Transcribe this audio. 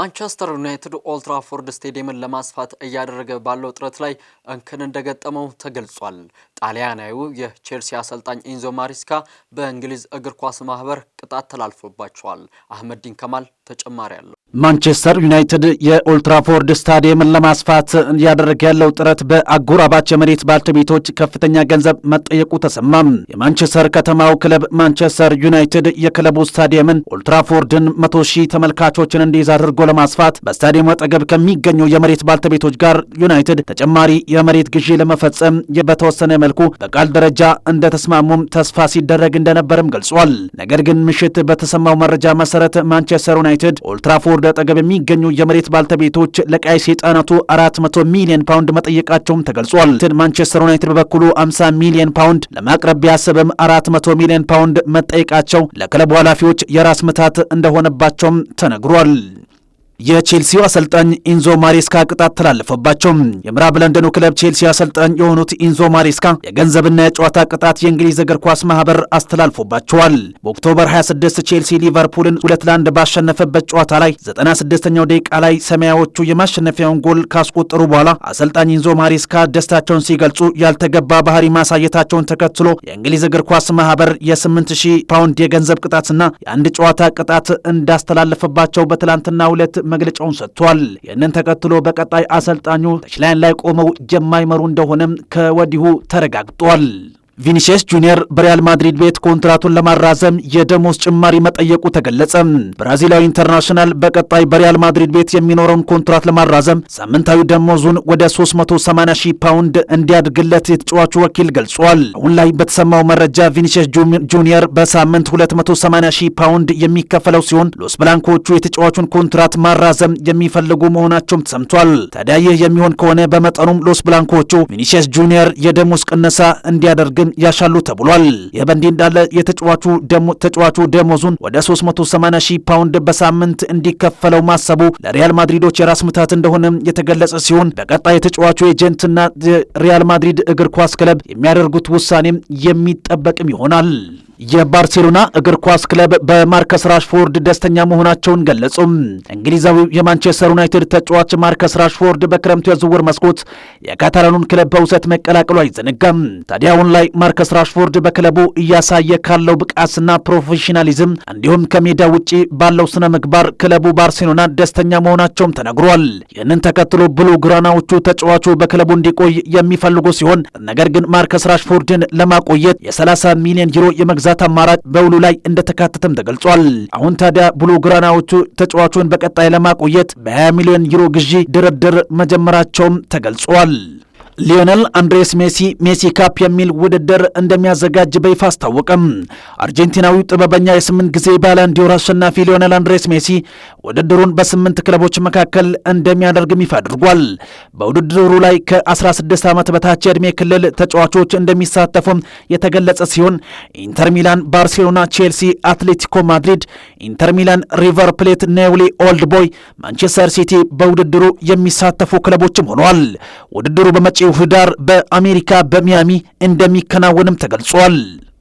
ማንቸስተር ዩናይትድ ኦልትራፎርድ ስቴዲየምን ለማስፋት እያደረገ ባለው ጥረት ላይ እንክን እንደገጠመው ተገልጿል። ጣሊያናዊው የቼልሲ አሰልጣኝ ኢንዞ ማሪስካ በእንግሊዝ እግር ኳስ ማህበር ቅጣት ተላልፎባቸዋል። ዲን ከማል ተጨማሪ አለው። ማንቸስተር ዩናይትድ የኦልትራፎርድ ስታዲየምን ለማስፋት እያደረገ ያለው ጥረት በአጎራባች የመሬት ባልተቤቶች ከፍተኛ ገንዘብ መጠየቁ ተሰማም። የማንቸስተር ከተማው ክለብ ማንቸስተር ዩናይትድ የክለቡ ስታዲየምን ኦልትራፎርድን መቶ ሺህ ተመልካቾችን እንዲይዝ አድርጎ ለማስፋት በስታዲየሙ አጠገብ ከሚገኙ የመሬት ባልተቤቶች ጋር ዩናይትድ ተጨማሪ የመሬት ግዢ ለመፈጸም በተወሰነ መልኩ በቃል ደረጃ እንደተስማሙም ተስፋ ሲደረግ እንደነበርም ገልጿል። ነገር ግን ምሽት በተሰማው መረጃ መሰረት ማንቸስተር ዩናይትድ ዩናይትድ ኦልትራፎርድ አጠገብ የሚገኙ የመሬት ባልተቤቶች ለቀይ ሰይጣናቱ 400 ሚሊዮን ፓውንድ መጠየቃቸውም ተገልጿል። ማንቸስተር ዩናይትድ በበኩሉ 50 ሚሊዮን ፓውንድ ለማቅረብ ቢያስብም 400 ሚሊዮን ፓውንድ መጠየቃቸው ለክለቡ ኃላፊዎች የራስ ምታት እንደሆነባቸውም ተነግሯል። የቼልሲው አሰልጣኝ ኢንዞ ማሬስካ ቅጣት ተላለፈባቸው። የምዕራብ ለንደኑ ክለብ ቼልሲ አሰልጣኝ የሆኑት ኢንዞ ማሬስካ የገንዘብና የጨዋታ ቅጣት የእንግሊዝ እግር ኳስ ማህበር አስተላልፎባቸዋል። በኦክቶበር 26 ቼልሲ ሊቨርፑልን ሁለት ለአንድ ባሸነፈበት ጨዋታ ላይ 96ኛው ደቂቃ ላይ ሰማያዎቹ የማሸነፊያውን ጎል ካስቆጠሩ በኋላ አሰልጣኝ ኢንዞ ማሬስካ ደስታቸውን ሲገልጹ ያልተገባ ባህሪ ማሳየታቸውን ተከትሎ የእንግሊዝ እግር ኳስ ማህበር የ8000 ፓውንድ የገንዘብ ቅጣትና የአንድ ጨዋታ ቅጣት እንዳስተላለፈባቸው በትላንትና ሁለት መግለጫውን ሰጥቷል። ይህንን ተከትሎ በቀጣይ አሰልጣኙ ተችላይን ላይ ቆመው ጀማይመሩ እንደሆነም ከወዲሁ ተረጋግጧል። ቪኒሲየስ ጁኒየር በሪያል ማድሪድ ቤት ኮንትራቱን ለማራዘም የደሞዝ ጭማሪ መጠየቁ ተገለጸ። ብራዚላዊ ኢንተርናሽናል በቀጣይ በሪያል ማድሪድ ቤት የሚኖረውን ኮንትራት ለማራዘም ሳምንታዊ ደሞዙን ወደ 380 ሺህ ፓውንድ እንዲያድግለት የተጫዋቹ ወኪል ገልጿል። አሁን ላይ በተሰማው መረጃ ቪኒሲየስ ጁኒየር በሳምንት 280 ሺህ ፓውንድ የሚከፈለው ሲሆን ሎስ ብላንኮቹ የተጫዋቹን ኮንትራት ማራዘም የሚፈልጉ መሆናቸውም ተሰምቷል። ታዲያ ይህ የሚሆን ከሆነ በመጠኑም ሎስ ብላንኮቹ ቪኒሲየስ ጁኒየር የደሞዝ ቅነሳ እንዲያደርግ ጊዜም ያሻሉ ተብሏል። ይህ በእንዲህ እንዳለ የተጫዋቹ ተጫዋቹ ደሞዙን ወደ 380 ሺህ ፓውንድ በሳምንት እንዲከፈለው ማሰቡ ለሪያል ማድሪዶች የራስ ምታት እንደሆነ የተገለጸ ሲሆን በቀጣይ የተጫዋቹ ኤጀንትና ሪያል ማድሪድ እግር ኳስ ክለብ የሚያደርጉት ውሳኔም የሚጠበቅም ይሆናል። የባርሴሎና እግር ኳስ ክለብ በማርከስ ራሽፎርድ ደስተኛ መሆናቸውን ገለጹም። እንግሊዛዊው የማንቸስተር ዩናይትድ ተጫዋች ማርከስ ራሽፎርድ በክረምቱ የዝውውር መስኮት የካታላኑን ክለብ በውሰት መቀላቀሉ አይዘነጋም። ታዲያ አሁን ላይ ማርከስ ራሽፎርድ በክለቡ እያሳየ ካለው ብቃትና ፕሮፌሽናሊዝም እንዲሁም ከሜዳ ውጪ ባለው ስነ ምግባር ክለቡ ባርሴሎና ደስተኛ መሆናቸውም ተነግሯል። ይህንን ተከትሎ ብሉ ግራናዎቹ ተጫዋቹ በክለቡ እንዲቆይ የሚፈልጉ ሲሆን ነገር ግን ማርከስ ራሽፎርድን ለማቆየት የ30 ሚሊዮን ዩሮ የመግዛ የመግዛት አማራጭ በውሉ ላይ እንደተካተተም ተገልጿል። አሁን ታዲያ ብሉ ግራናዎቹ ተጫዋቹን በቀጣይ ለማቆየት በ20 ሚሊዮን ዩሮ ግዢ ድርድር መጀመራቸውም ተገልጿል። ሊዮኔል አንድሬስ ሜሲ ሜሲ ካፕ የሚል ውድድር እንደሚያዘጋጅ በይፋ አስታወቀም። አርጀንቲናዊው ጥበበኛ የስምንት ጊዜ ባላንዲዮር አሸናፊ ሊዮነል አንድሬስ ሜሲ ውድድሩን በስምንት ክለቦች መካከል እንደሚያደርግም ይፋ አድርጓል። በውድድሩ ላይ ከ16 ዓመት በታች የዕድሜ ክልል ተጫዋቾች እንደሚሳተፉም የተገለጸ ሲሆን ኢንተር ሚላን፣ ባርሴሎና፣ ቼልሲ፣ አትሌቲኮ ማድሪድ፣ ኢንተር ሚላን፣ ሪቨር ፕሌት፣ ኔውሊ ኦልድ ቦይ፣ ማንቸስተር ሲቲ በውድድሩ የሚሳተፉ ክለቦችም ሆነዋል። ውድድሩ በመጪ በመጪው ህዳር በአሜሪካ በሚያሚ እንደሚከናወንም ተገልጿል።